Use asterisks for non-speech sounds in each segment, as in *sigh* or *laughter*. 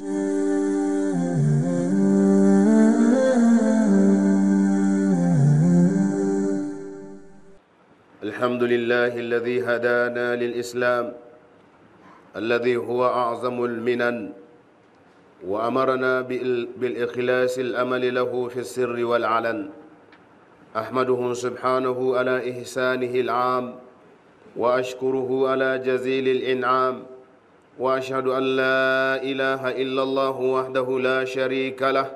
الحمد لله الذي هدانا للإسلام الذي هو أعظم المنن وأمرنا بالإخلاص الأمل له في السر والعلن أحمده سبحانه على إحسانه العام وأشكره على جزيل الإنعام واشهد ان لا اله الا الله وحده لا شريك له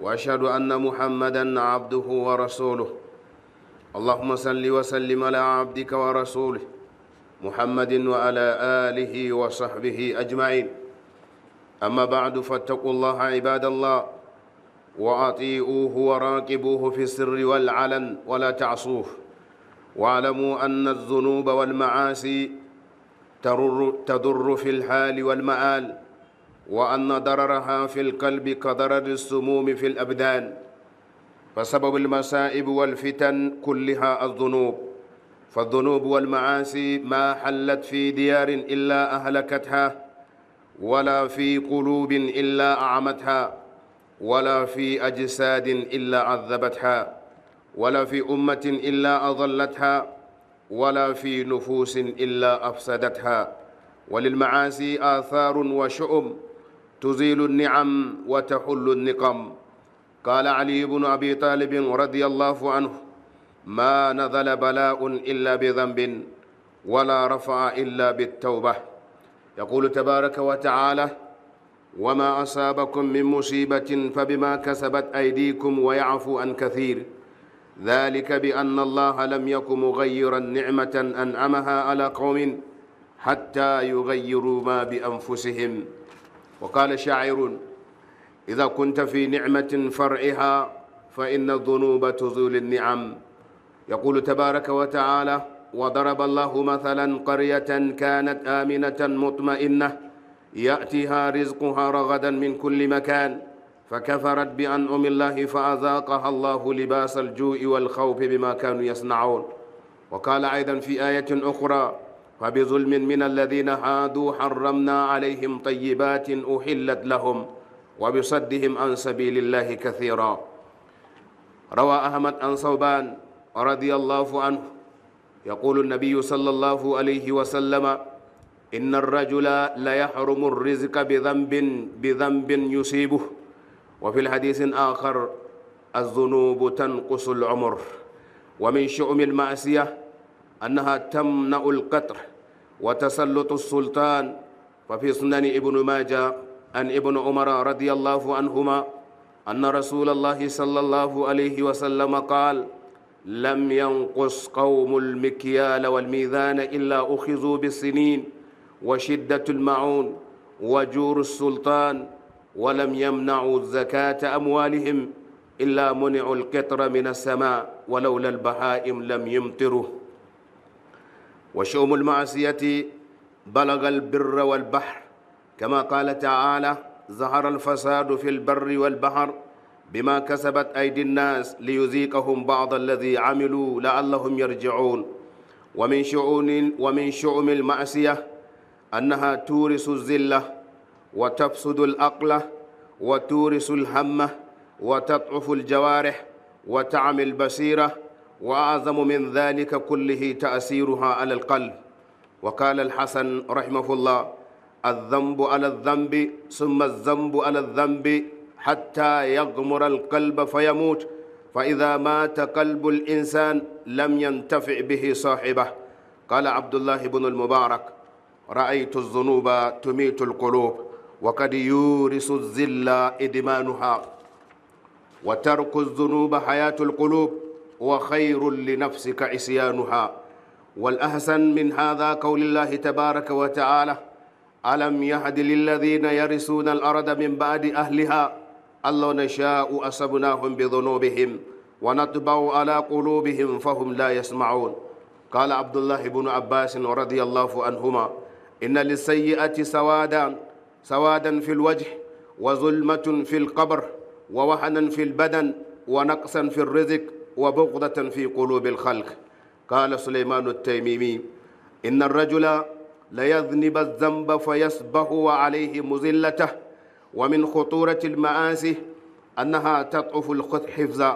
واشهد ان محمدا عبده ورسوله اللهم صل وسلم على عبدك ورسوله محمد وعلى اله وصحبه اجمعين اما بعد فاتقوا الله عباد الله واطيعوه وراقبوه في السر والعلن ولا تعصوه واعلموا ان الذنوب والمعاصي تضر, تضر في الحال والمآل وأن ضررها في القلب كضرر السموم في الأبدان فسبب المصائب والفتن كلها الذنوب فالذنوب والمعاصي ما حلت في ديار إلا أهلكتها ولا في قلوب إلا أعمتها ولا في أجساد إلا عذبتها ولا في أمة إلا أضلتها ولا في نفوس إلا أفسدتها وللمعاصي آثار وشؤم تزيل النعم وتحل النقم قال علي بن أبي طالب رضي الله عنه ما نزل بلاء إلا بذنب ولا رفع إلا بالتوبة يقول تبارك وتعالى وما أصابكم من مصيبة فبما كسبت أيديكم ويعفو عن كثير ذلك بأن الله لم يكن مغيرا نعمة أنعمها على قوم حتى يغيروا ما بأنفسهم وقال شاعر إذا كنت في نعمة فرعها فإن الذنوب تزول النعم يقول تبارك وتعالى وضرب الله مثلا قرية كانت آمنة مطمئنة يأتيها رزقها رغدا من كل مكان فكفرت بأنعم الله فأذاقها الله لباس الجوء والخوف بما كانوا يصنعون وقال أيضا في آية أخرى فبظلم من الذين هادوا حرمنا عليهم طيبات أحلت لهم وبصدهم عن سبيل الله كثيرا روى أحمد عن صوبان رضي الله عنه يقول النبي صلى الله عليه وسلم إن الرجل ليحرم الرزق بذنب بذنب يصيبه وفي الحديث آخر الذنوب تنقص العمر ومن شؤم المعصية أنها تمنع القطر وتسلط السلطان وفي سنن ابن ماجه عن ابن عمر رضي الله عنهما أن رسول الله صلى الله عليه وسلم قال لم ينقص قوم المكيال والميزان إلا أخذوا بالسنين وشدة المعون وجور السلطان ولم يمنعوا زكاة أموالهم إلا منعوا القطر من السماء ولولا البهائم لم يمطروا وشؤم المعصية بلغ البر والبحر كما قال تعالى ظهر الفساد في البر والبحر بما كسبت أيدي الناس ليذيقهم بعض الذي عملوا لعلهم يرجعون ومن شؤون ومن شؤم المعصية أنها تورث الذلة وتفسد الأقلة وتورث الهمة وتضعف الجوارح وتعمي البصيرة وأعظم من ذلك كله تأثيرها على القلب وقال الحسن رحمه الله الذنب على الذنب ثم الذنب على الذنب حتى يغمر القلب فيموت فإذا مات قلب الإنسان لم ينتفع به صاحبه قال عبد الله بن المبارك رأيت الذنوب تميت القلوب وقد يورث الزلا إدمانها وترك الذنوب حياة القلوب وخير لنفسك عصيانها والأحسن من هذا قول الله تبارك وتعالى ألم يهد للذين يرثون الأرض من بعد أهلها الله نشاء أصبناهم بذنوبهم ونطبع على قلوبهم فهم لا يسمعون قال عبد الله بن عباس رضي الله عنهما إن للسيئة سوادا سوادا في الوجه وظلمة في القبر ووهنا في البدن ونقصا في الرزق وبغضة في قلوب الخلق قال سليمان التيميمي إن الرجل ليذنب الذنب فيصبه وعليه مزلته ومن خطورة المآسي أنها تضعف الحفظ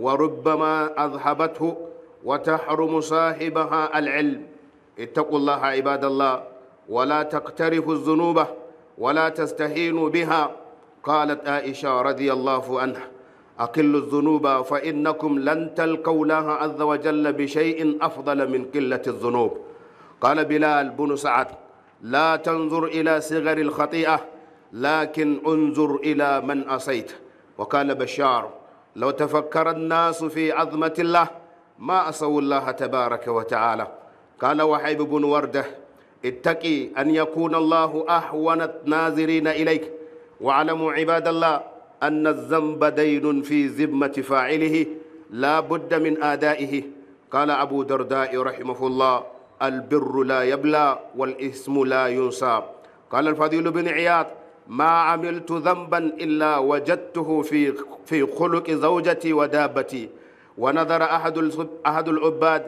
وربما أذهبته وتحرم صاحبها العلم اتقوا الله عباد الله ولا تقترفوا الذنوب ولا تستهينوا بها قالت عائشة رضي الله عنها أقلوا الذنوب فإنكم لن تلقوا الله عز وجل بشيء أفضل من قلة الذنوب قال بلال بن سعد لا تنظر إلى صغر الخطيئة لكن انظر إلى من أصيت وقال بشار لو تفكر الناس في عظمة الله ما أصوا الله تبارك وتعالى قال وحيب بن ورده اتقي أن يكون الله أهون الناظرين إليك واعلموا عباد الله أن الذنب دين في ذمة فاعله لا بد من آدائه قال أبو درداء رحمه الله البر لا يبلى والإثم لا ينسى قال الفضيل بن عياض ما عملت ذنبا إلا وجدته في في خلق زوجتي ودابتي ونظر أحد أحد العباد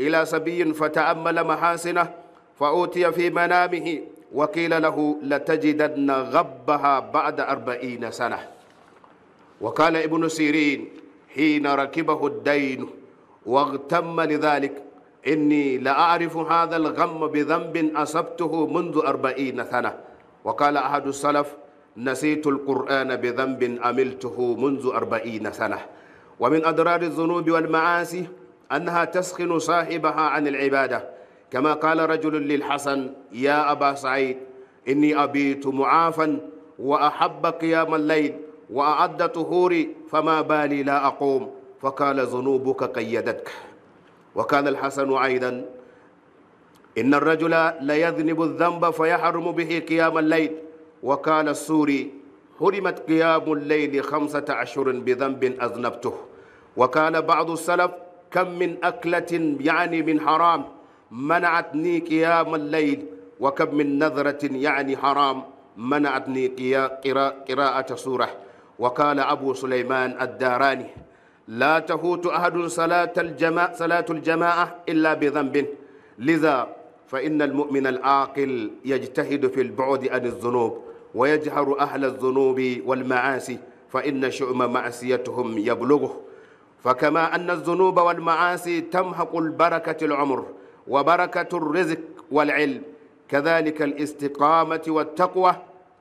إلى سبي فتأمل محاسنه فأوتي في منامه وقيل له لتجدن غبها بعد أربعين سنة وقال ابن سيرين حين ركبه الدين واغتم لذلك إني لأعرف هذا الغم بذنب أصبته منذ أربعين سنة وقال أحد السلف نسيت القرآن بذنب عملته منذ أربعين سنة ومن أضرار الذنوب والمعاصي أنها تسخن صاحبها عن العبادة كما قال رجل للحسن يا أبا سعيد إني أبيت معافا وأحب قيام الليل وأعد طهوري فما بالي لا أقوم فقال ذنوبك قيدتك وقال الحسن أيضا إن الرجل ليذنب الذنب فيحرم به قيام الليل وقال السوري حرمت قيام الليل خمسة أشهر بذنب أذنبته وقال بعض السلف كم من أكلة يعني من حرام منعتني قيام الليل وكم من نظرة يعني حرام منعتني قراءة سورة وقال أبو سليمان الداراني لا تفوت أحد صلاة الجماعة, صلاة الجماعة إلا بذنب لذا فإن المؤمن العاقل يجتهد في البعد عن الذنوب ويجهر أهل الذنوب والمعاصي فإن شؤم معصيتهم يبلغه فكما أن الذنوب والمعاصي تمحق البركة العمر وبركة الرزق والعلم كذلك الاستقامة والتقوى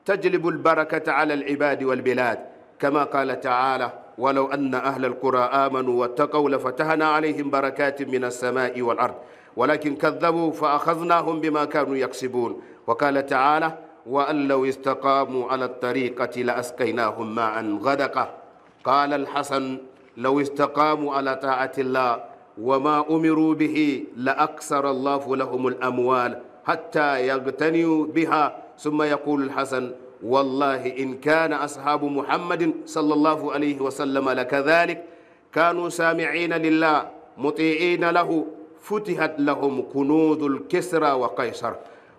تجلب البركة على العباد والبلاد كما قال تعالى ولو أن أهل القرى آمنوا واتقوا لفتحنا عليهم بركات من السماء والأرض ولكن كذبوا فأخذناهم بما كانوا يكسبون وقال تعالى وأن لو استقاموا على الطريقة لأسقيناهم ماء غدقة قال الحسن لو استقاموا على طاعة الله وما أمروا به لأكثر الله لهم الأموال حتى يغتنوا بها ثم يقول الحسن والله إن كان أصحاب محمد صلى الله عليه وسلم لكذلك كانوا سامعين لله مطيعين له فتحت لهم كنوز الكسرى وقيصر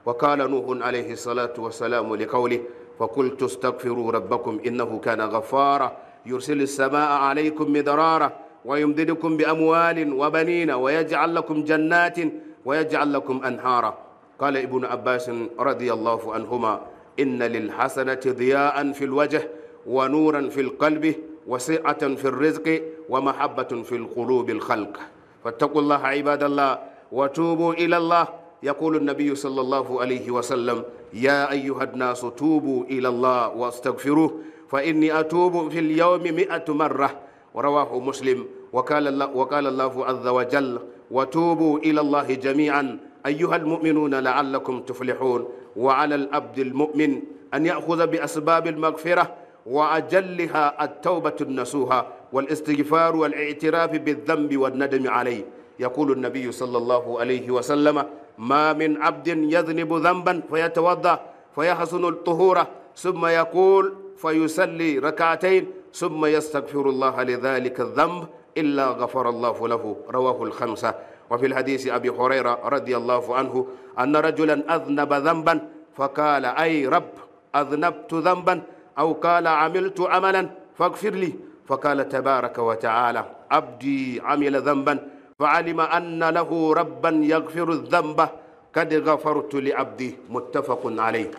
وقال نوح عليه الصلاة والسلام لقوله فقلت استغفروا ربكم إنه كان غفارا يرسل السماء عليكم مدرارا ويمددكم بأموال وبنين ويجعل لكم جنات ويجعل لكم أنهارا قال ابن عباس رضي الله عنهما إن للحسنة ضياء في الوجه ونورا في القلب وسعة في الرزق ومحبة في القلوب الخلق فاتقوا الله عباد الله وتوبوا إلى الله يقول النبي صلى الله عليه وسلم يا أيها الناس توبوا إلى الله واستغفروه فإني أتوب في اليوم مئة مرة ورواه مسلم وقال الله, وقال الله عز وجل وتوبوا إلى الله جميعا أيها المؤمنون لعلكم تفلحون وعلى العبد المؤمن أن يأخذ بأسباب المغفرة وأجلها التوبة النسوها والاستغفار والاعتراف بالذنب والندم عليه يقول النبي صلى الله عليه وسلم ما من عبد يذنب ذنبا فيتوضأ فيحسن الطهور ثم يقول فيصلي ركعتين ثم يستغفر الله لذلك الذنب إلا غفر الله له رواه الخمسة وفي الحديث أبي هريرة رضي الله عنه أن رجلا أذنب ذنبا فقال أي رب أذنبت ذنبا أو قال عملت عملا فاغفر لي فقال تبارك وتعالى عبدي عمل ذنبا فعلم أن له ربا يغفر الذنب قد غفرت لعبدي متفق عليه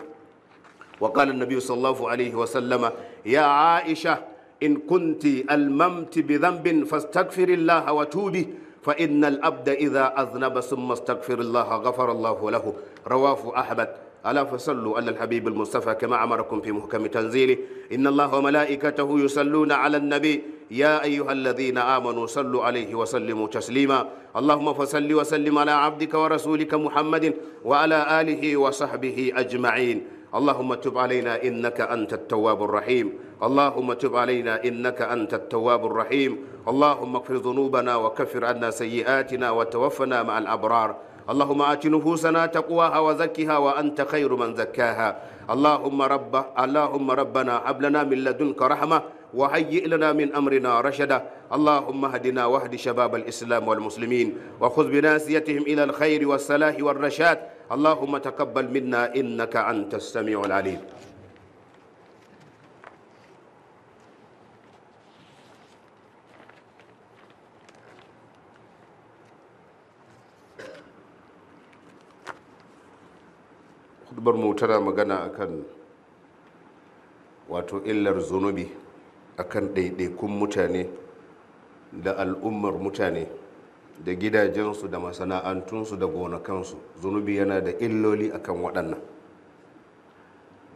وقال النبي صلى الله عليه وسلم يا عائشة in kunti almamti bi zambin fastagfirin laha wa tubi fa inna al’abda iza azna ba sun mastagfirin laha gafar Allah wa lahu rawafu ahabat alafi sallu allal habibul mustafa kama a marakun fi muhkami tanzili mala’ika ta huyu sallu na nabi ya ayi hallazi amanu amano sallu wa sallu taslima Allah fasalli fa wa sallu ma abdika wa rasulika muhammadin wa ala alihi wa sahbihi ajma'in اللهم تب علينا إنك أنت التواب الرحيم اللهم تب علينا إنك أنت التواب الرحيم اللهم اغفر ذنوبنا وكفر عنا سيئاتنا وتوفنا مع الأبرار اللهم آت نفوسنا تقواها وزكها وأنت خير من زكاها اللهم رب اللهم ربنا هب لنا من لدنك رحمة وهيئ لنا من أمرنا رشدا اللهم اهدنا واهد شباب الإسلام والمسلمين وخذ بناسيتهم إلى الخير والصلاح والرشاد اللهم تقبل منا إنك أنت السميع العليم hudubar mu tana magana akan wato illar zunubi akan ɗaiɗaikun mutane da al'ummar mutane da gidajensu da masana'antunsu da gonakansu zunubi yana da illoli akan waɗannan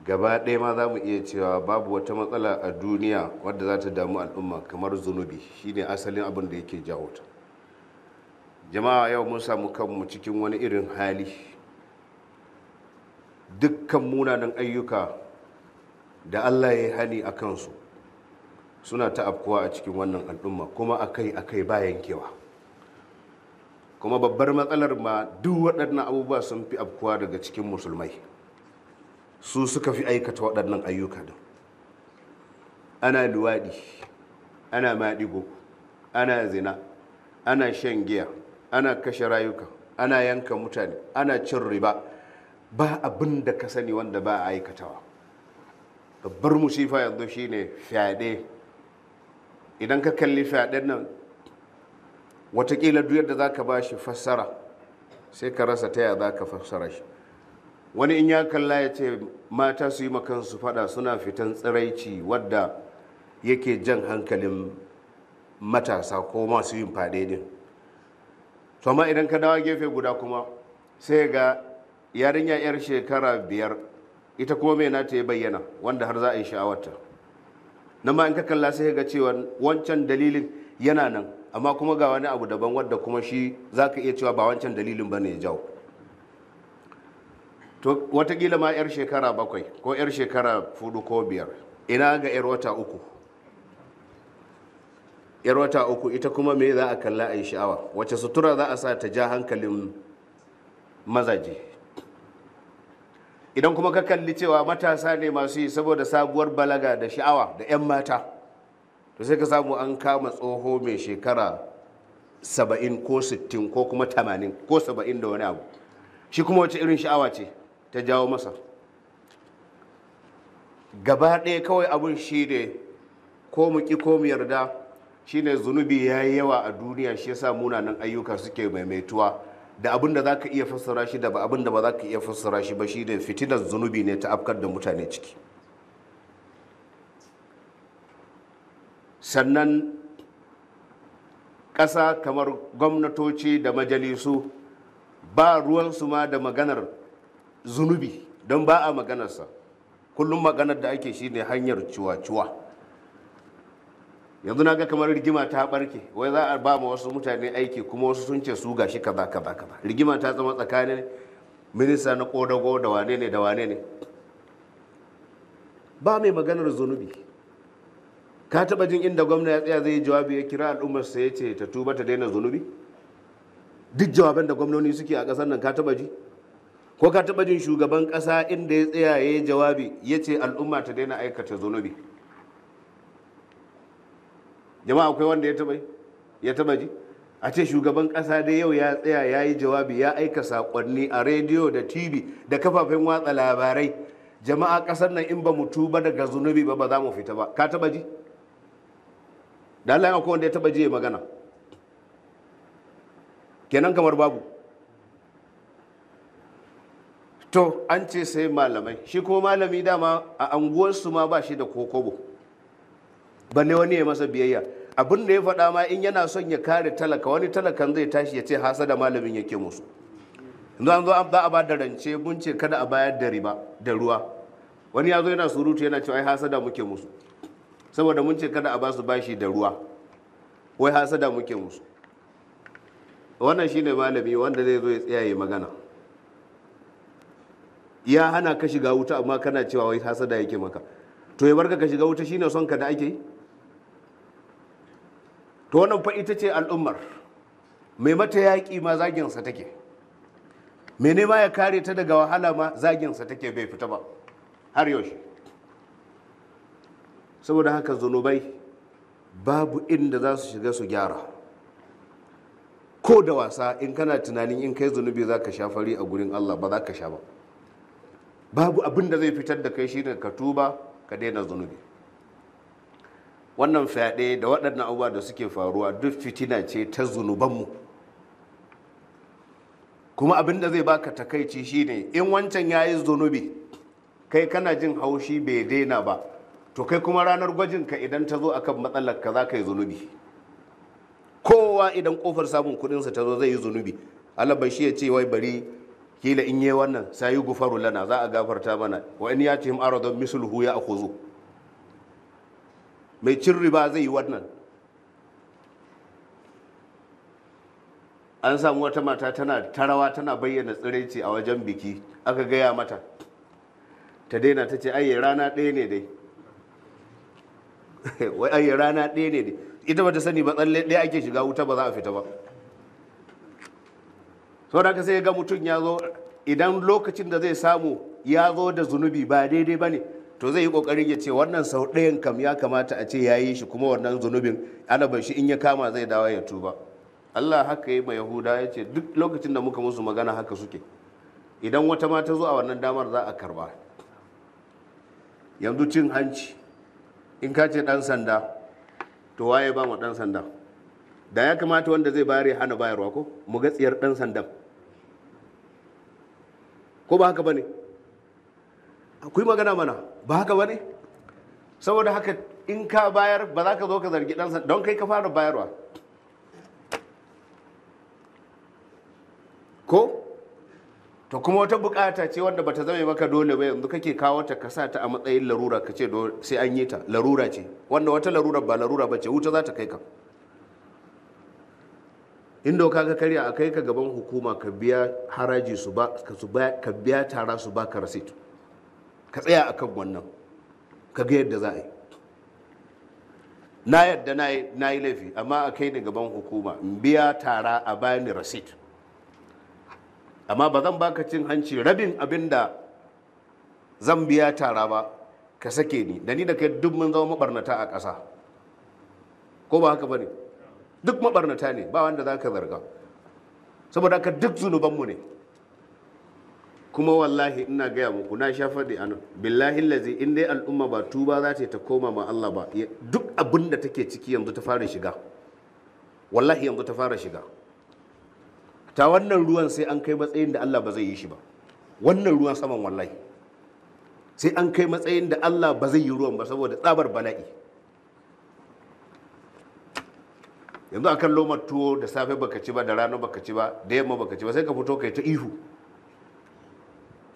gaba ɗaya ma za mu iya cewa babu wata matsala a duniya wadda za ta damu al'umma kamar zunubi shine asalin abin da yake jawo ta jama'a yau mun samu kanmu cikin wani irin hali dukkan munanan ayyuka da allah ya hani a kansu suna ta afkuwa a cikin wannan al'umma kuma akai akai ba yankewa kuma babbar matsalar ma duk waɗannan abubuwa sun fi afkuwa daga cikin musulmai su suka fi aikata waɗannan ayyuka din ana luwaɗi ana maɗigo ana zina ana shan giya ana kashe rayuka ana yanka mutane ana cin riba ba abin da ka sani wanda ba a aikatawa babbar musifa yanzu shine fyaɗe idan ka kalli fyaɗen nan watakila duk yadda za ka ba shi fassara sai ka rasa taya za ka fassara shi wani in ya kalla ya ce mata su yi su fada suna fitan tsiraici wadda yake jan hankalin matasa ko masu yin fade din to amma idan ka dawo gefe guda kuma sai ga yarinya yar shekara biyar ita kuma mai nata ya bayyana wanda har za a yi sha'awarta na ma in ka kalla sai ga cewa wancan dalilin yana nan amma kuma ga wani abu daban wadda kuma shi za ka iya cewa ba wancan dalilin ba ne ya jawo to watakila ma 'yar shekara bakwai ko 'yar shekara fudu ko biyar ina ga 'yar wata uku yar wata uku ita kuma me za a kalla a yi sha'awa wace sutura za a sa ta ja hankalin mazaje idan kuma ka kalli cewa matasa ne masu yi saboda sabuwar balaga da sha'awa da 'yan mata to sai ka samu an kama tsoho mai shekara saba'in ko sittin ko kuma tamanin ko saba'in da wani abu shi kuma wace irin sha'awa ce ta jawo masa gaba ɗaya kawai abin shi ne ko mu ƙi ko mu yarda shi ne zunubi ya yi yawa a duniya shi yasa munanan ayyuka suke maimaituwa da abin da za ka iya fassara shi da abin da ba za ka iya fassara shi ba shi ne fitinar zunubi ne ta afkar da mutane ciki sannan ƙasa kamar gwamnatoci da majalisu ba ruwansu ma da maganar zunubi don ba a maganarsa kullum maganar da ake shine hanyar ciwa-ciwa yanzu na ga kamar rigima ta barke wai za a ba ma wasu mutane aiki kuma wasu sun ce su gashi kaza kaza kaza rigima ta zama tsakanin minista na kodago da wane ne da wane ne ba mai maganar zunubi ka taba jin inda gwamna ya tsaya zai yi jawabi ya kira al'ummar sa ya ce ta tuba ta daina zunubi duk jawaban da gwamnoni suke a ƙasar nan ka taba ji ko ka taba jin shugaban ƙasa inda ya tsaya ya yi jawabi ya ce al'umma ta daina aikata zunubi jama'a akwai wanda ya taba ya taba ji a ce shugaban ƙasa dai yau ya tsaya ya yi jawabi ya aika saƙonni a rediyo da tv da kafafen watsa labarai jama'a ƙasar nan in ba mu tuba daga zunubi ba ba za mu fita ba ka taba ji da Allah akwai wanda ya taba jiye magana kenan kamar babu to an ce sai malamai shi ko malami dama a anguwarsu ma ba shi da kokobo balle wani ya masa biyayya abin da ya faɗa ma in yana son ya kare talaka wani talakan zai tashi ya ce hasa da malamin yake musu yanzu an zo za a ba da rance mun ce kada a bayar da riba da ruwa wani ya zo yana surutu yana cewa ai hasa da muke musu saboda mun ce kada a ba su bashi da ruwa wai hasada muke musu wannan shine malami wanda zai zo ya tsaya magana ya hana ka shiga wuta amma kana cewa wai hasada yake maka to ya barka ka shiga wuta shine son ka da ake yi to wannan fa ita ce al'ummar mai mata yaƙi ma zaginsa take mai nema ya kare ta daga wahala ma zaginsa take bai fita ba har yaushe saboda haka zunubai babu inda za su shiga su gyara ko da wasa in kana tunanin in kai zunubi za ka sha fari a gurin allah ba za ka sha ba babu abin da zai fitar da kai shine ka tuba ka daina zunubi wannan fyaɗe da waɗannan abubuwa da suke faruwa duk fitina ce ta zunubanmu kuma abin da zai baka takaici shine in wancan ya yi zunubi kai kana jin haushi bai daina ba to kai kuma ranar ka idan ta zo akan matsalar ka za ka yi zunubi kowa idan kofar samun kudinsa ta zo zai yi zunubi Allah shi ya ce wai bari kila in yi wannan Sayi yi gufaru lana za a gafarta mana wa in ya ce aradon misulhu ya akhuzu mai cin riba zai yi wannan an samu wata mata tana tarawa tana bayyana tsiraici a wajen biki aka gaya mata ta daina ta ce ai rana ɗaya ne dai *laughs* wai rana ɗaya ne ita ba ta sani ba tsalle ɗaya ake shiga wuta ba za a fita ba sau da sai ga mutum ya zo idan lokacin da zai samu ya zo da zunubi ba daidai ba ne to zai yi kokarin ya ce wannan sau ɗayan kam ya kamata a ce ya yi shi kuma wannan zunubin alabar shi in ya kama zai dawo ya tuba allah haka yi ma yahuda ya ce duk lokacin da muka musu magana haka suke idan wata ma ta zo a wannan damar za a karba yanzu cin hanci in ka ce ɗan sanda to waye ba mu ɗan sanda da ya kamata wanda zai bayar ya hana bayarwa ko mu ga tsiyar ɗan sanda. ko ba haka ba ne akwai magana mana ba haka ba ne saboda haka in ka bayar ba za ka zo ka zargi ɗan sanda don kai ka fara bayarwa ko to kuma wata bukata ce wanda bata zame maka dole ba yanzu kake kawo ta kasa ta a matsayin larura ka ce sai an yi ta larura ce wanda wata larura ba larura ba ce wuta za ta kai ka in doka ka karya a kai ka gaban hukuma ka biya haraji su ba ka biya tara su ba ka rasit ka tsaya akan wannan ka ga yadda za a yi na yadda na yi laifi amma a kai ni gaban hukuma in biya tara a bayani rasit amma ba zan baka cin hanci rabin abin da zan biya tara ba ka sake ni da ni da kai duk mun zama mabarnata a ƙasa ko ba haka ba ne duk mabarnata ne ba wanda za ka zarga saboda haka duk mu ne kuma wallahi ina gaya muku na sha faɗi a nan billahi lazi in dai al'umma ba tuba za ta ta koma ma Allah ba duk abin da take ciki yanzu ta fara shiga wallahi yanzu ta fara shiga ta wannan ruwan sai an kai matsayin da Allah ba zai yi shi ba wannan ruwan saman wallahi sai an kai matsayin da Allah ba zai yi ruwan ba saboda tsabar bala'i yanzu akan lomar tuwo da safe baka ci ba da rana baka ci ba da yamma baka ci ba sai ka fito kai ta ihu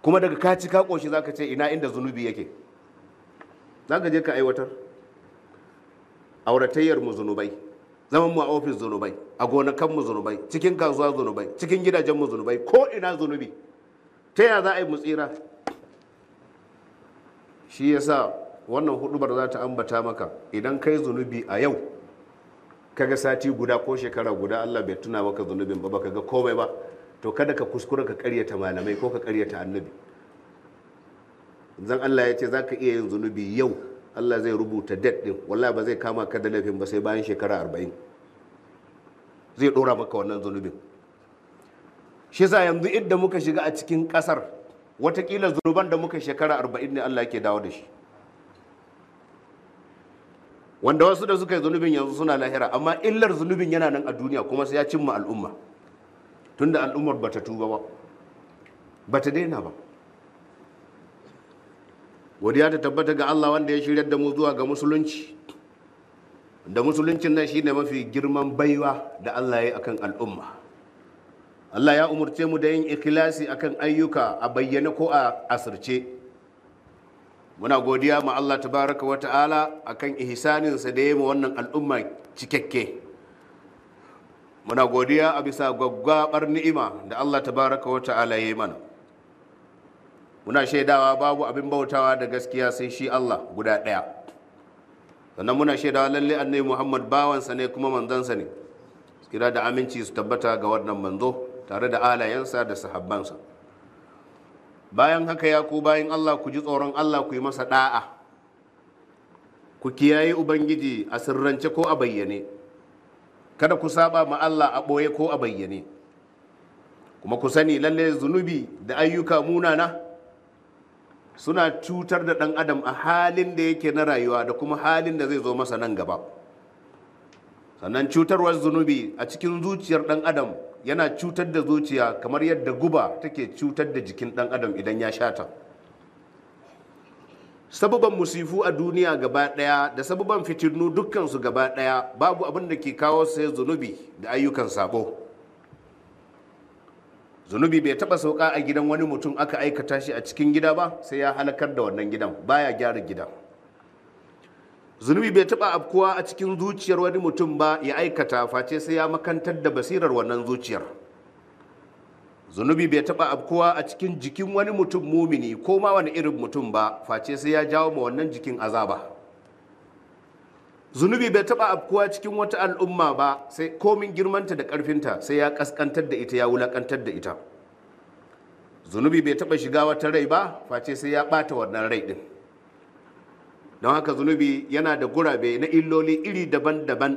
kuma daga ka ci ka koshi zaka ce ina inda zunubi yake zaka je ka aiwatar auratayyar mu zunubai zaman mu a ofis zunubai a mu zunubai cikin kasuwa zunubai cikin gidajen mu zunubai ko ina zunubi ta ya za a yi mu tsira shi yasa wannan hudubar za ta ambata maka idan kai zunubi a yau kaga sati guda ko shekara guda Allah bai tuna maka zunubin ba baka ga komai ba to kada ka kuskura ka karyata malamai ko ka karyata annabi zan Allah ya ce za ka iya yin zunubi yau Allah zai rubuta date din wallahi ba zai kama ka da laifin ba sai bayan shekara arba'in zai ɗora maka wannan zunubin shi sa yanzu idda muka shiga a cikin ƙasar watakila zunuban da muka shekara arba'in ne Allah ke dawo da shi wanda wasu da suka yi zunubin yanzu suna lahira amma illar zunubin yana nan a duniya kuma sai ya cimma al'umma tunda al'ummar bata tuba ba bata daina ba godiya ta tabbata ga Allah wanda ya shirya da mu zuwa ga musulunci da musuluncin nan shine mafi girman baiwa da Allah ya yi akan al'umma Allah ya umurce mu da yin ikhlasi akan ayyuka a bayyana ko a asirce muna godiya ma Allah tabaraka wa ta'ala akan ihsaninsa da ya ma wannan al'umma cikakke muna godiya a bisa gwaggwabar ni'ima da Allah tabaraka wa ta'ala ya yi mana muna shaidawa babu abin bautawa da gaskiya sai shi Allah guda ɗaya sannan muna shaidawa lalle annabi Muhammad bawansa ne kuma manzansa ne kira da aminci su tabbata ga wannan manzo tare da alayensa da sahabbansa bayan haka ya ku bayan Allah ku ji tsoron Allah ku yi masa da'a ku kiyaye ubangiji a sirrance ko a bayyane kada ku saba ma Allah a ɓoye ko a bayyane kuma ku sani lalle zunubi da ayyuka munana suna cutar da ɗan adam a halin da yake na rayuwa da kuma halin da zai zo masa nan gaba sannan cutarwar zunubi a cikin zuciyar ɗan adam yana cutar da zuciya kamar yadda guba take cutar da jikin ɗan adam idan ya shata sababan musifu a duniya gaba ɗaya da sababan fitinu dukkansu gaba ɗaya babu abin da ke kawo sai zunubi da ayyukan sabo zunubi bai taba sauka a gidan wani mutum aka aikata shi a cikin gida ba sai ya halakar da wannan gidan baya gyara gida zunubi bai taba afkuwa a cikin zuciyar wani mutum ba ya aikata face sai ya makantar da basirar wannan zuciyar zunubi bai taba afkuwa a cikin jikin wani mutum mumini ko ma wani irin mutum ba face sai ya jawo ma wannan jikin azaba zunubi bai taba afkuwa cikin wata al'umma ba sai komin girmanta da karfinta sai ya kaskantar da ita ya wulakantar da ita zunubi bai taba shiga wata rai ba face sai ya bata wannan rai din don haka zunubi yana da gurabe na illoli iri daban-daban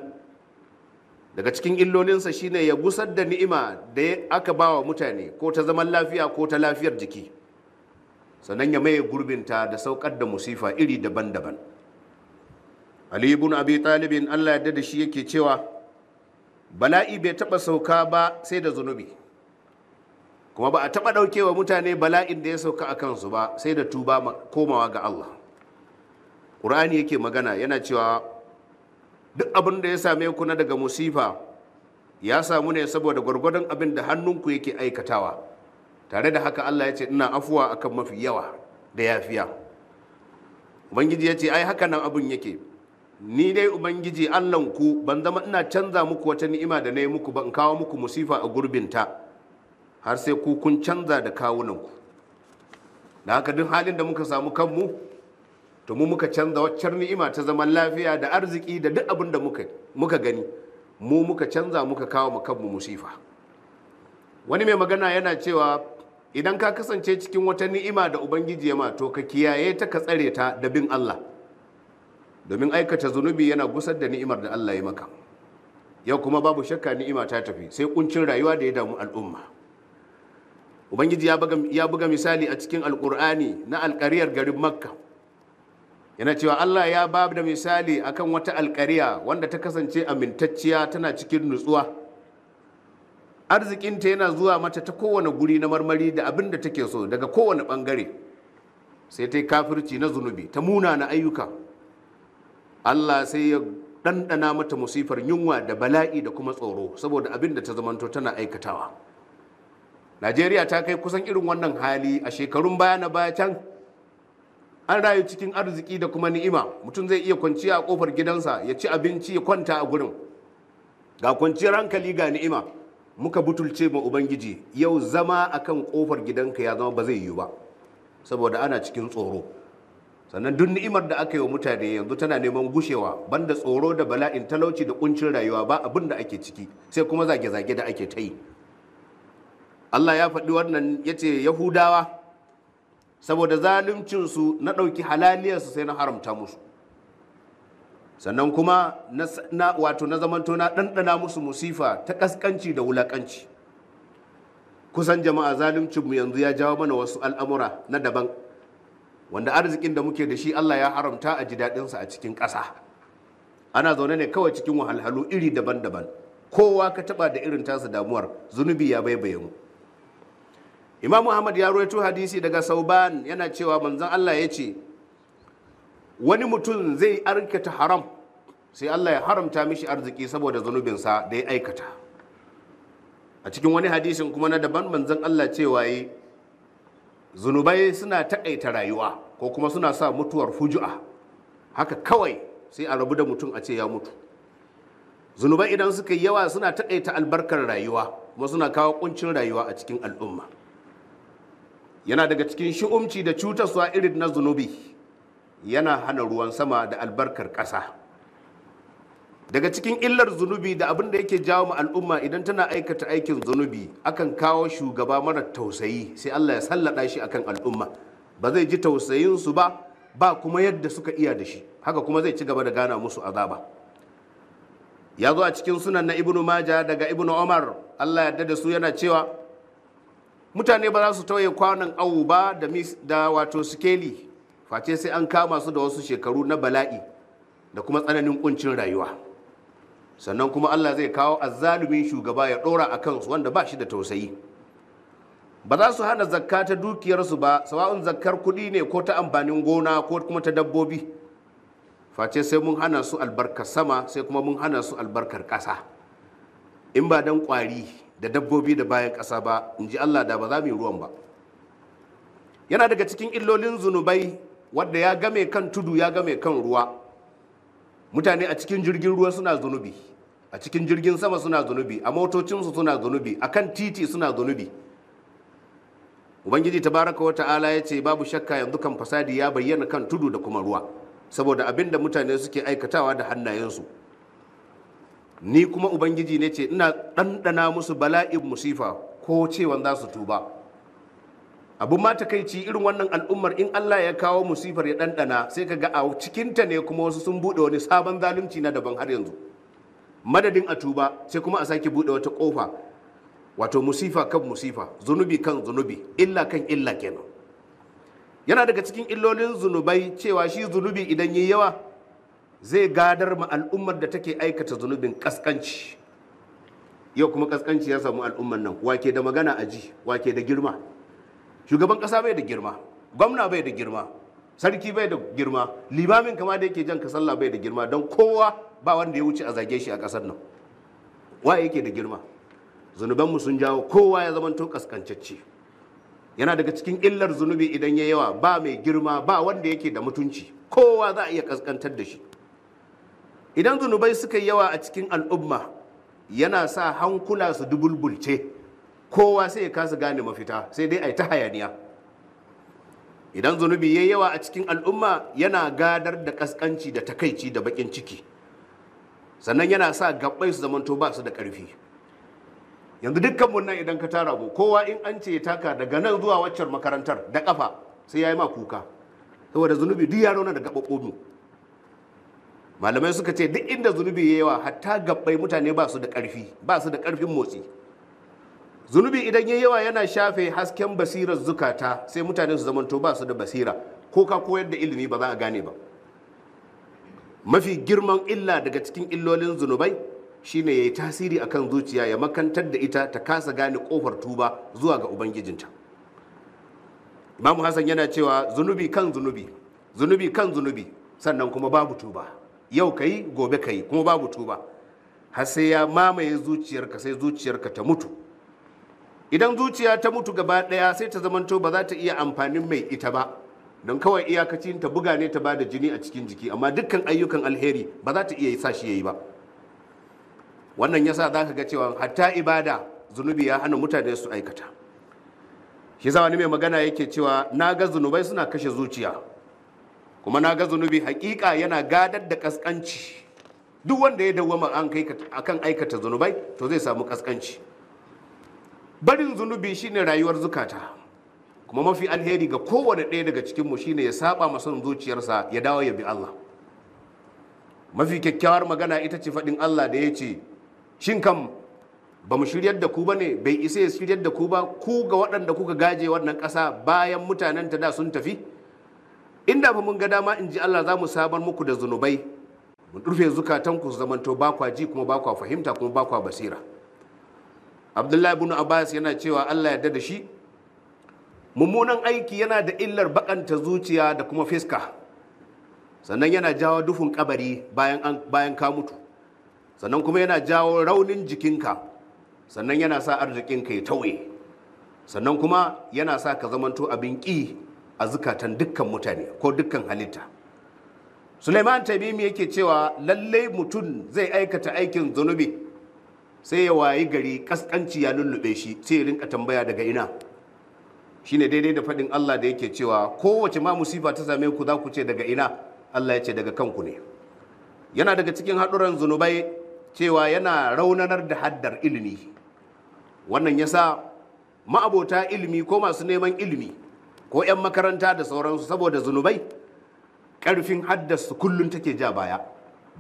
daga cikin illolinsa shine ya gusar da ni'ima da aka ba wa mutane ko ta zaman lafiya ko ta lafiyar jiki sannan ya maye gurbinta da saukar da musifa iri daban-daban ali abi talibin allah yadda da shi yake cewa bala'i bai taba sauka ba sai da zunubi kuma ba a taɓa wa mutane bala'in da ya sauka a kansu ba sai da tuba komawa ga allah ƙur'ani yake magana yana cewa duk abin da ya same ku na daga musifa ya samu ne saboda gwargwadon abin da hannunku yake aikatawa tare da haka allah ya ce ina afuwa akan mafi yawa da yafiya ubangiji ya ce ai haka nan abin yake ni dai ubangiji allahnku ban zama ina canza muku wata ni'ima da na yi muku ba in kawo muku musifa a gurbinta har sai ku kun canza da kawunanku da haka duk halin da muka samu kanmu to mu muka canza waccan ni'ima ta zaman lafiya da arziki da duk abin da muka gani mu muka canza muka kawo mu kanmu musifa wani mai magana yana cewa idan ka kasance cikin wata ni'ima da ubangiji ya ma to ka kiyaye ta ka tsare ta da bin allah domin aikata zunubi yana gusar da ni'imar da Allah ya maka yau kuma babu shakka ni'ima ta tafi sai kuncin rayuwa da ya damu al'umma ubangiji ya buga misali a cikin alkur'ani na alkariyar garin makka yana cewa Allah ya ba da misali akan wata alkariya wanda ta kasance amintacciya tana cikin nutsuwa arzikinta yana zuwa mata ta kowane guri na marmari da abin da take so daga kowane bangare sai ta kafirci na zunubi ta muna na ayyuka Allah sai ya ɗanɗana mata musifar yunwa da bala'i da kuma tsoro saboda abin da ta zamanto tana aikatawa najeriya ta kai kusan irin wannan hali a shekarun baya na baya can an rayu cikin arziki da kuma ni'ima mutum zai iya kwanciya a kofar gidansa ya ci abinci ya kwanta a gurin ga kwanciyar hankali ga ni'ima muka butulce ma ubangiji yau zama akan kofar gidanka ya zama ba zai yiwu ba saboda ana cikin tsoro sannan duk ni'imar da aka yi wa mutane yanzu tana neman gushewa banda tsoro da bala'in talauci da kuncin rayuwa ba abin da ake ciki sai kuma zage-zage da ake ta yi Allah ya faɗi wannan ya ce yahudawa saboda zaluncinsu na ɗauki halaliyarsu sai na haramta musu sannan kuma na wato na zamanto na ɗanɗana musu musifa ta ƙasƙanci da wulaƙanci kusan jama'a zaluncinmu yanzu ya jawo mana wasu al'amura na daban wanda arzikin da muke da shi Allah ya haramta a ji daɗinsa a cikin ƙasa ana zaune ne kawai cikin wahalhalu iri daban-daban kowa ka taɓa da irin tasa damuwar zunubi ya baibaye mu Imam Muhammad ya rawaito hadisi daga sauban yana cewa manzan Allah ya ce wani mutum zai arkata haram sai Allah ya haramta mishi arziki saboda zunubinsa da ya aikata a cikin wani hadisin kuma na daban manzon Allah cewa yi zunubai suna taƙaita rayuwa ko kuma suna sa mutuwar fuju'a haka kawai sai a rabu da mutum a ce ya mutu zunubai idan suka yi yawa suna taƙaita albarkar rayuwa kuma suna kawo ƙuncin rayuwa a cikin al'umma yana daga cikin shi'umci da cutarwa irin na zunubi yana hana ruwan sama da albarkar ƙasa daga cikin illar zunubi da abin da yake jawo al'umma idan tana aikata aikin zunubi akan kawo shugaba mara tausayi sai Allah ya sallada shi akan al'umma ba zai ji tausayinsu ba ba kuma yadda suka iya da shi haka kuma zai ci gaba da gana musu azaba ya zo a cikin sunan na ibnu maja daga ibnu umar Allah ya da su yana cewa mutane ba za su tauye kwanan awu ba da wato sikeli face sai an kama su da wasu shekaru na bala'i da kuma tsananin kuncin rayuwa sannan kuma Allah zai kawo azzalumin shugaba ya ɗora a kansu wanda ba shi da tausayi ba za su hana zakka ta dukiyarsu ba sawa'un zakkar kuɗi ne ko ta amfanin gona ko kuma ta dabbobi face sai mun hana su albarkar sama sai kuma mun hana su albarkar ƙasa in ba dan kwari da dabbobi da bayan ƙasa ba in ji Allah da ba za mu yi ruwan ba yana daga cikin illolin zunubai wadda ya game kan tudu ya game kan ruwa mutane a cikin jirgin ruwa suna zunubi a cikin jirgin sama suna zunubi a motocinsu suna zunubi a kan titi suna zunubi ubangiji tabaraka wa ta'ala ya ce babu shakka yanzu kan fasadi ya bayyana kan tudu da kuma ruwa saboda abin da mutane suke aikatawa da hannayensu ni kuma ubangiji ne ce ina ɗanɗana musu bala'in musifa ko cewa za su tuba Abu ma takaici irin wannan al'ummar in Allah ya kawo musifar ya ɗanɗana sai ka ga a cikinta ne kuma wasu sun buɗe wani sabon zalunci na daban har yanzu madadin a tuba sai kuma a sake buɗe wata ƙofa wato musifa kan musifa zunubi kan zunubi illa kan illa kenan yana daga cikin illolin zunubai cewa shi zunubi idan yi yawa zai gadar ma al'ummar da take aikata zunubin kaskanci yau kuma kaskanci ya samu al'ummar nan wake da magana a ji wake da girma shugaban kasa bai da girma gwamna bai da girma sarki bai da girma limamin kama da yake jan kasalla sallah bai da girma don kowa ba wanda ya wuce a zage shi a kasar nan wa yake da girma zunubanmu sun jawo kowa ya zama to kaskancacce yana daga cikin illar zunubi idan ya yawa ba mai girma ba wanda yake da mutunci kowa za a iya kaskantar da shi idan zunubai suka yawa a cikin al'umma yana sa hankula su dubulbulce kowa sai ya kasa gane mafita sai dai a yi ta hayaniya idan zunubi ya yawa a cikin al'umma yana gadar da kaskanci da takaici da bakin ciki sannan yana sa gabbai su zamanto ba su da karfi yanzu dukkan mun idan ka tara mu kowa in an ce ya taka daga nan zuwa waccan makarantar da kafa sai ya yi ma kuka saboda zunubi duk ya rauna da gaba mu malamai suka ce duk inda zunubi ya yawa hatta gabbai mutane ba su da karfi ba su da ƙarfin motsi zunubi idan yi yawa yana shafe hasken basirar zukata sai mutane su zamanto ba su da basira ko ka koyar da ilimi ba za a gane ba mafi girman illa daga cikin illolin zunubai shine yi tasiri akan zuciya ya makantar da ita ta kasa gane kofar tuba zuwa ga ubangijinta Mamu hassan yana cewa zunubi kan zunubi zunubi kan zunubi sannan kuma babu tuba yau ka yi gobe ka yi kuma babu tuba har sai ya mamaye zuciyarka sai zuciyarka ta mutu idan zuciya ta mutu gaba ɗaya sai ta zamanto ba za ta iya amfanin mai ita ba don kawai iyakacin ta buga ne ta ba da jini a cikin jiki amma dukkan ayyukan alheri ba za ta iya sa shi yayi ba wannan yasa za ka ga cewa hatta ibada zunubi ya hana mutane su aikata shi yasa wani mai magana yake cewa na ga zunubai suna kashe zuciya kuma na ga zunubi hakika yana gadar da kaskanci duk wanda ya dawwama akan aikata zunubai to zai samu kaskanci barin zunubi shine rayuwar zukata kuma mafi alheri ga kowane ɗaya daga cikinmu shine ya saba masa zuciyarsa ya dawo ya bi Allah mafi kyakkyawar magana ita ce faɗin Allah da ya ce shin kam ba mu shiryar da ku ba ne bai isa ya shiryar da ku ba ku ga waɗanda kuka gaje wannan ƙasa bayan mutanen ta da sun tafi inda ba mun ga dama in ji Allah za mu sabar muku da zunubai mun rufe zukatanku su zamanto ba kwa ji kuma ba kwa fahimta kuma ba kwa basira abdullahi ibn abbas yana cewa allah ya da shi mummunan aiki yana da illar bakanta zuciya da kuma fiska sannan yana jawo dufin kabari bayan, ka mutu sannan kuma yana jawo raunin jikinka sannan yana sa arzikinka ya tauye sannan kuma yana sa ka zamanto abin ƙi a zukatan dukkan mutane ko dukkan halitta suleiman tabimi yake cewa lallai mutum zai aikata aikin zunubi sai ya wayi gari kaskanci ya lullube shi sai ya rinka tambaya daga ina shine daidai da faɗin Allah da yake cewa kowace ma musifa ta same ku za ku ce daga ina Allah ya ce daga kanku ne yana daga cikin haɗuran zunubai cewa yana raunanar da haddar ilimi wannan yasa ma'abota ilimi ko masu neman ilimi ko 'yan makaranta da sauransu saboda zunubai ƙarfin haddarsu kullum take ja baya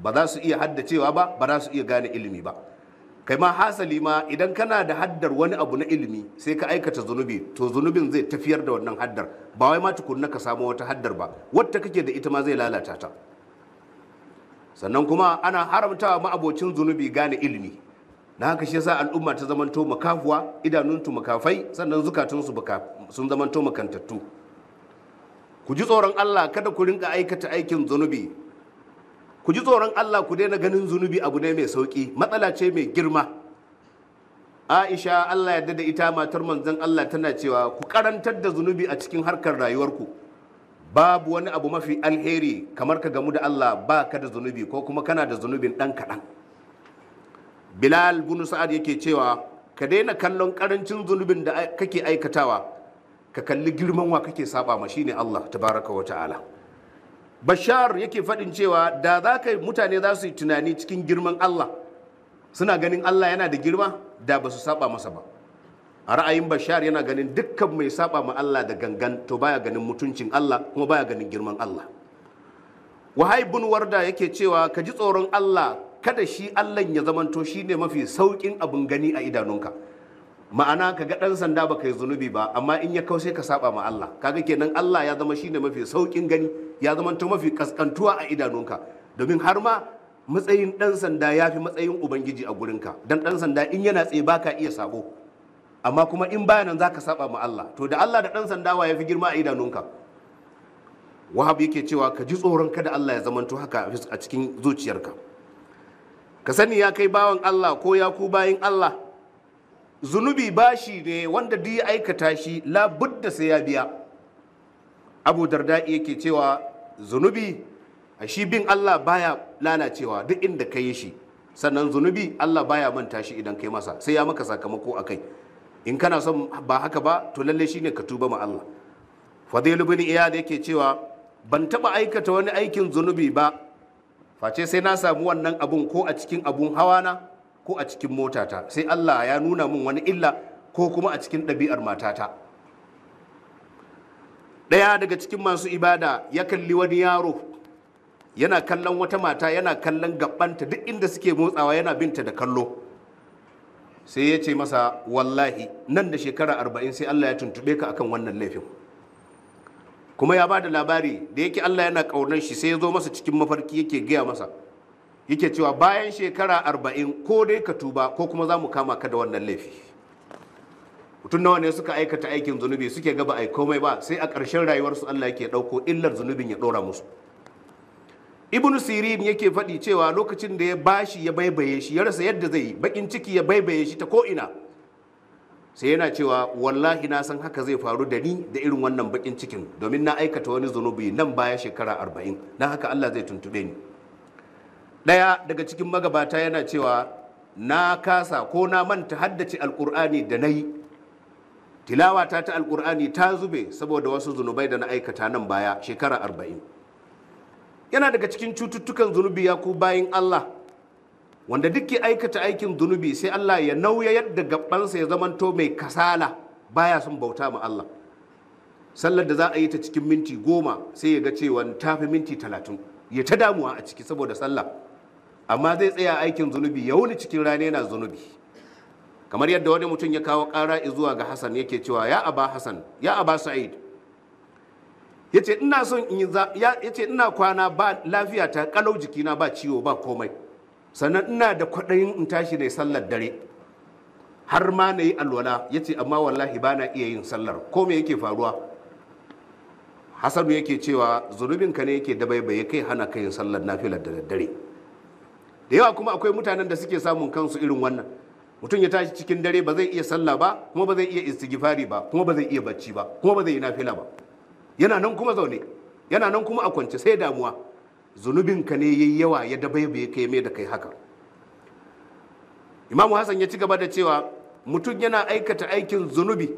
ba za su iya haddacewa ba ba za su iya gane ilimi ba kai ma hasali ma idan kana da haddar wani abu na ilimi sai ka aikata zunubi to zunubin zai tafiyar da wannan haddar ba wai ma tukunna ka samu wata haddar ba wadda kake da ita ma zai lalata ta sannan kuma ana haramtawa ma'abocin zunubi gane ilimi na haka shi yasa al'umma ta zamanto makafuwa idanuntu makafai sannan zukatunsu sun zamanto makantattu ku ji tsoron Allah kada ku rinka aikata aikin zunubi ku ji tsoron Allah ku daina ganin zunubi abu ne mai sauki matsala ce mai girma Aisha Allah yadda da ita matar manzon Allah tana cewa ku karantar da zunubi a cikin harkar rayuwarku babu wani abu mafi alheri kamar ka gamu da Allah ba ka da zunubi ko kuma kana da zunubin ɗan kaɗan Bilal bin Sa'ad yake cewa ka daina kallon karancin zunubin da kake aikatawa ka kalli girman wa kake saba ma ne Allah tabaraka wa ta'ala bashar yake faɗin cewa da za ka mutane za su yi tunani cikin girman allah suna ganin allah yana da girma da ba su saba masa ba a ra'ayin bashar yana ganin dukkan mai saba ma allah da gangan to baya ganin mutuncin allah kuma baya ganin girman allah wahai bin warda yake cewa ka ji tsoron allah kada shi allah ya zamanto shi ne mafi sauƙin abun gani a idanunka ma'ana ka ga ɗan sanda baka yi zunubi ba amma in ya kau sai ka saba ma allah kaga kenan allah ya zama shi ne mafi sauƙin gani ya zamanto mafi kaskantuwa a idanunka domin har ma matsayin ɗan sanda ya fi matsayin ubangiji a gurinka don dan sanda in yana tsaye baka iya sabo amma kuma in baya nan zaka saba ma Allah to da Allah da dan sanda wa ya fi girma a idanunka wahab yake cewa ka ji tsoron ka da Allah ya zamanto haka a cikin zuciyarka ka sani ya kai bawan Allah ko ya ku bayin Allah zunubi bashi ne wanda duk ya aikata shi labudda sai ya biya abu darda yake cewa zunubi a shi bin allah baya lalacewa duk inda ka yi shi sannan zunubi allah baya manta shi idan kai masa sai ya maka sakamako a kai in kana son ba haka ba to lalle shine ka tuba ma allah fadilubini iya iyad yake cewa ban taba aikata wani aikin zunubi ba face sai na samu wannan abun ko a cikin abun hawana ko a cikin motata sai allah ya nuna min wani illa ko kuma a cikin ɗabi'ar matata ɗaya daga cikin masu ibada ya kalli wani yaro yana kallon wata mata yana kallon gabanta duk inda suke motsawa yana binta da kallo sai ya ce masa wallahi nan da shekara arba'in sai Allah ya tuntube ka akan wannan laifin kuma ya ba da labari da yake Allah yana ƙaunar shi sai ya zo masa cikin mafarki yake gaya masa yake cewa bayan shekara arba'in ko dai ka tuba ko kuma za mu kama ka da wannan laifi mutum nawa ne suka aikata aikin zunubi suke gaba ai komai ba sai a ƙarshen rayuwarsu Allah yake ɗauko illar zunubin ya ɗora musu ibnu sirin yake faɗi cewa lokacin da ya bashi ya baibaye shi ya rasa yadda zai yi bakin ciki ya baibaye shi ta ko'ina sai yana cewa wallahi na san haka zai faru da ni da irin wannan bakin cikin domin na aikata wani zunubi nan baya shekara arba'in na haka allah zai tuntube ni ɗaya daga cikin magabata yana cewa na kasa ko na manta haddace alkur'ani da na yi tilawa ta ta alkur'ani ta zube saboda wasu zunubai da na aikata nan baya shekara arba'in yana daga cikin cututtukan zunubi ya ku bayin allah wanda duk aikata aikin zunubi sai allah ya nauya yadda gabansa ya zamanto mai kasala baya son bauta ma allah sallar da za a yi ta cikin minti goma sai ya ga cewa ta fi minti talatin ya ta damuwa a ciki saboda sallah amma zai tsaya aikin zunubi ya wuni cikin rana yana zunubi kamar yadda wani mutum ya kawo kara zuwa ga Hassan yake cewa ya aba Hassan ya aba Sa'id ya ce ina kwana ba lafiya ta kalau jikina ba ciwo ba komai sannan ina da kwaɗayin in tashi ne sallar dare har ma na yi alwala ya ce amma wallahi ba na iya yin sallar ko yake faruwa hasanu yake cewa zunubinka ne yake bai kai hana ka yin sallar nafilar da daddare da yawa kuma akwai mutanen da suke samun kansu irin wannan mutum ya tashi cikin dare ba zai iya sallah ba kuma ba zai iya istighfari ba kuma ba zai iya bacci ba kuma ba zai yi nafila ba yana nan kuma zaune yana nan kuma a kwance sai damuwa zunubinka ne yayi yawa ya dabaibaye kai mai da kai haka imamu hassan ya ci gaba da cewa mutum yana aikata aikin zunubi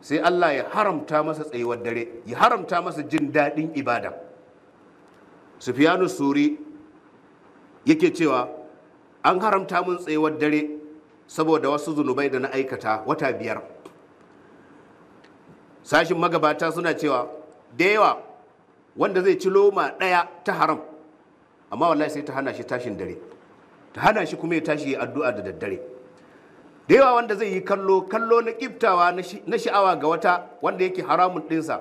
sai allah ya haramta masa tsayuwar dare ya haramta masa jin daɗin ibada sufiyanu suri yake cewa an haramta mun tsayuwar dare saboda wasu zunubai da na aikata wata biyar sashin magabata suna cewa da yawa wanda zai ci loma ɗaya ta haram amma wallahi sai ta hana shi tashin dare ta hana shi kuma ya tashi addu'a da daddare da yawa wanda zai yi kallo kallo na kiftawa na sha'awa ga wata wanda yake haramun ɗinsa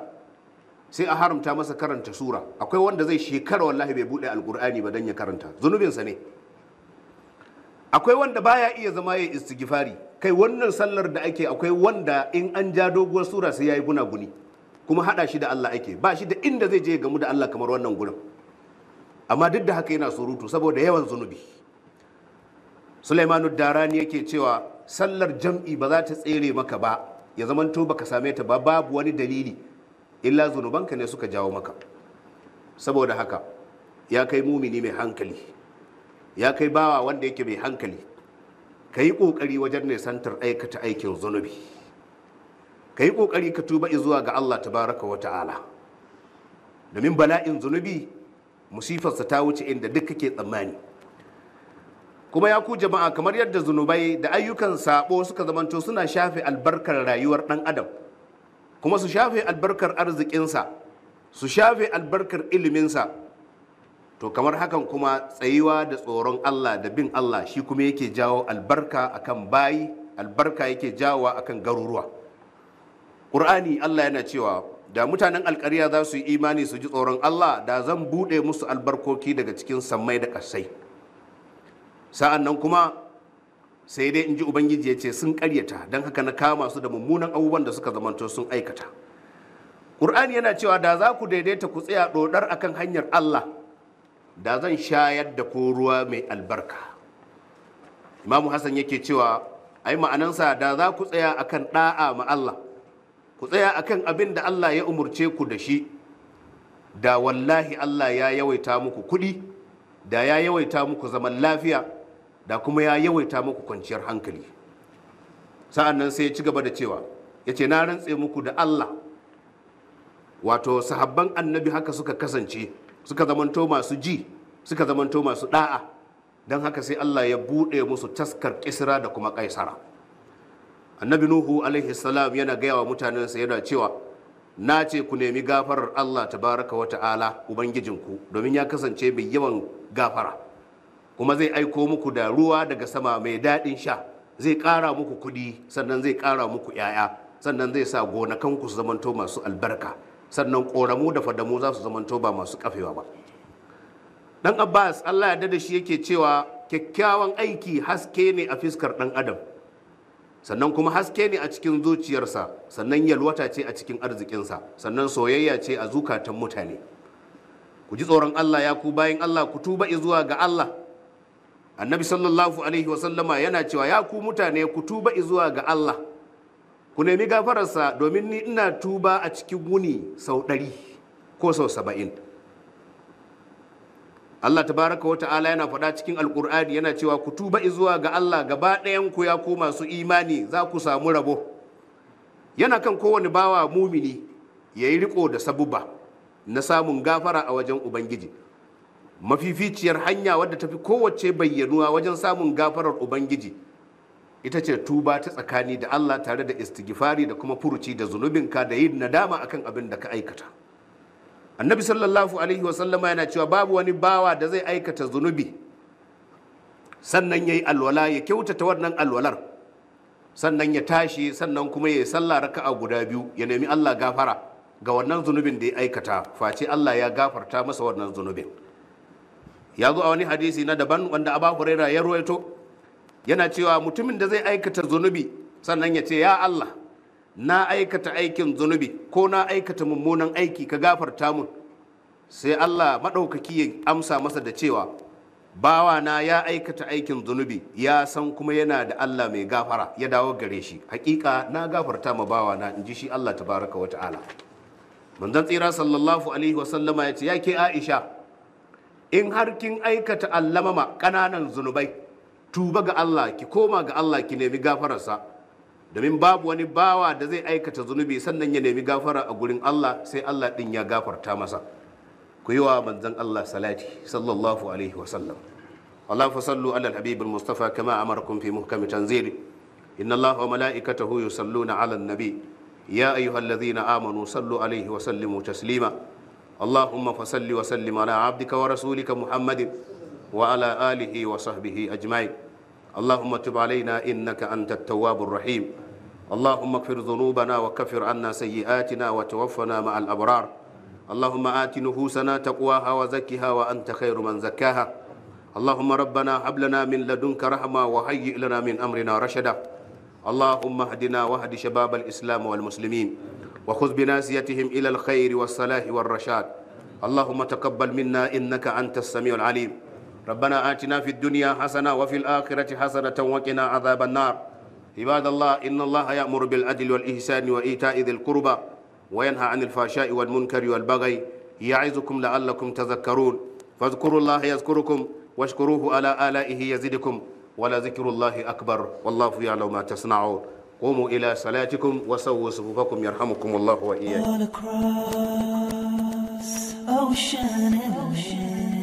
sai a haramta masa karanta sura akwai wanda zai shekara wallahi bai buɗe alkur'ani ba don ya karanta zunubinsa ne akwai wanda baya iya zama ya istighfari kai wannan sallar da ake akwai wanda in an ja doguwar sura sai yayi guna guni kuma hada shi da Allah ake ba shi da inda zai je gamu da Allah kamar wannan gurin amma duk da haka yana surutu saboda yawan zunubi Sulaimanu Darani yake cewa sallar jam'i ba za ta tsere maka ba ya zamanto baka same ta ba babu wani dalili illa zunubanka ne suka jawo maka saboda haka ya kai mumini mai hankali ya kai bawa wanda yake mai hankali ka yi ƙoƙari wajen nisantar aikata aikin zunubi ka yi ƙoƙari ka tuba zuwa ga allah Ta baraka wa ta'ala domin bala'in zunubi musifarsa ta wuce inda duk kake tsammani kuma ya ku jama'a kamar yadda zunubai da ayyukan saɓo suka zamanto suna shafe albarkar rayuwar ɗan adam kuma su shafe albarkar arzikinsa su shafe albarkar iliminsa to kamar hakan kuma tsayuwa da tsoron Allah da bin Allah shi kuma yake jawo albarka akan bayi albarka yake jawowa akan garuruwa Qur'ani, Allah yana cewa da mutanen alkariya za su yi imani su ji tsoron Allah da zan buɗe musu albarkoki daga cikin sammai da ƙasai sa'an nan kuma sai dai in ji ubangiji ya ce sun ƙaryata don haka na kama su da mummunan abubuwan da suka zamanto sun aikata ƙur'ani yana cewa da za ku daidaita ku tsaya ɗodar akan hanyar Allah da zan shayar da ko ruwa mai albarka imamu hassan yake cewa ai ma'anansa da za ku tsaya akan da'a ma Allah ku tsaya akan abin da Allah ya umurce ku da shi da wallahi Allah ya yawaita muku kuɗi da ya yawaita muku zaman lafiya da kuma ya yawaita muku kwanciyar hankali sa'an nan sai ya ci gaba da cewa ya ce na rantse muku da Allah wato sahabban annabi haka suka kasance suka zamanto masu ji suka zamanto masu da'a don haka sai Allah ya buɗe musu taskar kisra da kuma kaisara annabi nuhu alaihi salam yana gaya wa mutanensa yana cewa na ce ku nemi gafarar Allah ta tabaraka wa ta'ala ubangijinku domin ya kasance mai yawan gafara kuma zai aiko muku da ruwa daga sama mai daɗin sha zai ƙara muku kuɗi sannan zai ƙara muku 'ya'ya sannan zai sa gonakanku su zamanto masu albarka sannan ƙoramu da fadamu za su zamanto ba masu kafewa ba dan abbas allah ya da shi yake cewa kyakkyawan aiki haske ne a fiskar dan adam sannan kuma haske ne a cikin zuciyarsa sannan yalwata ce a cikin arzikinsa sannan soyayya ce a zukatan mutane ku ji tsoron allah ya ku bayan allah ku tuba zuwa ga allah annabi sallallahu alaihi wasallama yana cewa ya ku mutane ku tuba zuwa ga allah ku nemi gafararsa domin ni ina tuba a cikin wuni sau ɗari ko sau saba'in Allah tabaraka wa ta'ala yana faɗa cikin Alƙur'ani, yana cewa ku tuba izuwa ga Allah gaba ɗayan ku ya ko masu imani za ku samu rabo yana kan kowane bawa mumini ya yi riko da sabuba na samun gafara a wajen ubangiji mafificiyar hanya wadda tafi kowace bayyanuwa wajen samun gafarar ubangiji ita ce tuba ta tsakani da Allah tare da istighfari da kuma furuci da zunubinka da yin nadama akan abin da ka aikata annabi sallallahu alaihi wa sallama yana cewa babu wani bawa da zai aikata zunubi sannan ya yi alwala ya kyautata wannan alwalar sannan ya tashi sannan kuma ya yi sallah raka'a guda biyu ya nemi Allah gafara ga wannan zunubin da ya aikata face Allah ya gafarta masa wannan zunubin ya zo a wani hadisi na daban wanda abu Huraira ya ruwaito yana cewa mutumin da zai aikata zunubi sannan ya ce ya Allah na aikata aikin zunubi ko na aikata mummunan aiki ka gafarta mun sai Allah maɗaukaki ya amsa masa da cewa bawa na ya aikata aikin zunubi ya san kuma yana da Allah mai gafara ya dawo gare shi hakika na gafarta ma bawa na in ji shi Allah tabaraka wa ta'ala manzon tsira sallallahu alaihi wa sallama ya ce ya ke Aisha in har kin aikata allamama ƙananan zunubai tuba ga Allah ki koma ga Allah ki nemi gafararsa domin babu wani bawa da zai aikata zunubi sannan ya nemi gafara a gurin Allah sai Allah din ya gafarta masa ku yi wa manzon Allah salati sallallahu alaihi wa sallam Allah fa sallu ala al-habib al-mustafa kama amarakum fi muhkam tanzil inna Allah wa malaikatahu yusalluna ala an-nabi ya ayyuhalladhina amanu sallu alaihi wa sallimu taslima اللهم فصل وسلم على عبدك ورسولك محمد وعلى آله وصحبه أجمعين اللهم تب علينا إنك أنت التواب الرحيم اللهم اغفر ذنوبنا وكفر عنا سيئاتنا وتوفنا مع الأبرار اللهم آت نفوسنا تقواها وزكها وأنت خير من زكاها اللهم ربنا هب لنا من لدنك رحمة وهيئ لنا من أمرنا رشدا اللهم اهدنا واهد شباب الإسلام والمسلمين وخذ بناسيتهم إلى الخير والصلاح والرشاد اللهم تقبل منا إنك أنت السميع العليم ربنا آتنا في الدنيا حسنة وفي الآخرة حسنة وقنا عذاب النار عباد الله إن الله يأمر بالعدل والإحسان وإيتاء ذي القربى وينهى عن الفحشاء والمنكر والبغي يعظكم لعلكم تذكرون فاذكروا الله يذكركم واشكروه على آلائه يزدكم ولذكر الله أكبر والله يعلم ما تصنعون قوموا إلى صلاتكم وسووا صفوفكم يرحمكم الله وإياكم